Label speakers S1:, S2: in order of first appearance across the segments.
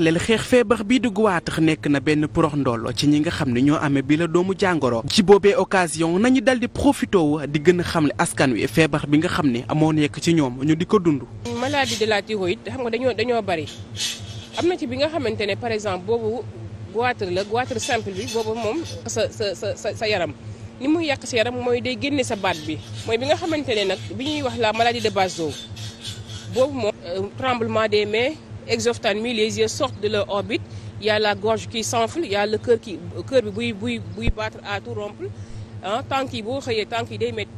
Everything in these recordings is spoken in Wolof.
S1: jagleel xeex feebar bii di guwaatex nekk na benn porox ndoolo ci ñi nga xam ne ñoo amee bi la doomu jàngoro ci boobee occasion nañu dal di profité wu di gën a xamle askan wi feebar bi nga xam ne amoo nekk ci ñoom ñu di ko dund.
S2: maladie de la thyroïde xam nga dañoo dañoo bari am na ci bi nga xamante ne par exemple boobu goitre la goitre simple bi boobu moom sa sa sa sa sa yaram. ni muy yàq sa yaram mooy de génne sa baat bi mooy bi nga xamante ne nag bi ñuy wax la maladie de Basedow boobu moom euh, tremblement des mais exophthalmie les yeux sortent de leur orbite il la gorge qui s'enfle il y a le cœur qui cœur bi buy buy buy battre à tout rompre ah, tànk yi boo xëyee tànk yi day métti.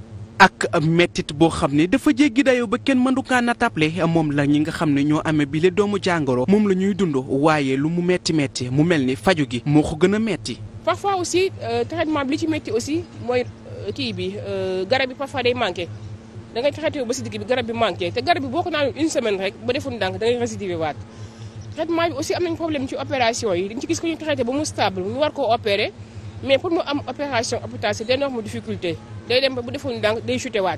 S1: ak mettit boo xam ne dafa jéggi dayoo ba kenn mëndukaa taple moom la ñi nga xam ne ñoo amee bile doomu jàngoro moom la ñuy dund waaye lu mu metti metti mu mel ni faju gi moo ko gën a metti
S2: parfois aussi euh, traitement bi li ci metti aussi mooy euh, kii bi euh, garab bi parfois day manqué. da ngay traité ba si bi garab bi manqué te garab bi boo ko naan une semaine rek ba deful ndànk da ngay récidivé waat traitement bi aussi am nañ problème ci opération yi dañ ci gis ko ñu traité ba mu stable ñu war koo opéré mais pour mu am opération amputation c'est d'énorme difficulté day dem ba bu deful ndànk day chuté waat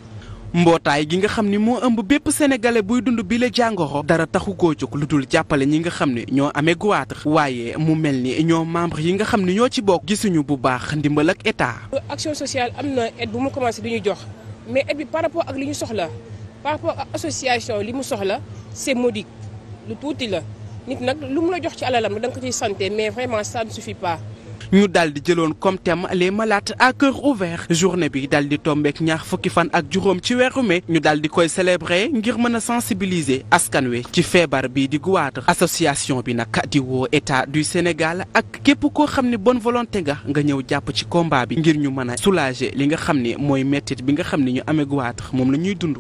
S1: mbootaay gi nga xam ni moo ëmb bépp sénégalais buy dund bi la jàngoro dara taxu koo jóg lu dul jàppale ñi nga xam ne ñoo amee goitre waaye mu mel ni ñoo membre yi nga xam ne ñoo ci bokk gisuñu bu baax ndimbal ak état
S2: action sociale am na bu mu commencé di ñu jox mais et par rapport ak li ñu soxla par rapport ak association li mu soxla c'est modique lu tuuti la nit nag lu mu la jox ci alalam da nga ko ciy santé mais vraiment ça ne suffit pas
S1: ñu daal di jëloon comme thème les malades à cœur ouvert journée bi daal di tombeek ñaar fukki fan ak juróom ci weeru mai ñu daal di koy célébrer ngir mën a sensibiliser askan wi ci feebar bi di goitre association bi nag di woo état du Sénégal ak képp koo xam ne bon volonté nga nga ñëw jàpp ci combat bi ngir ñu mën a soulager li nga xam ne mooy mettit bi nga xam ne ñu amee goitre moom la ñuy dund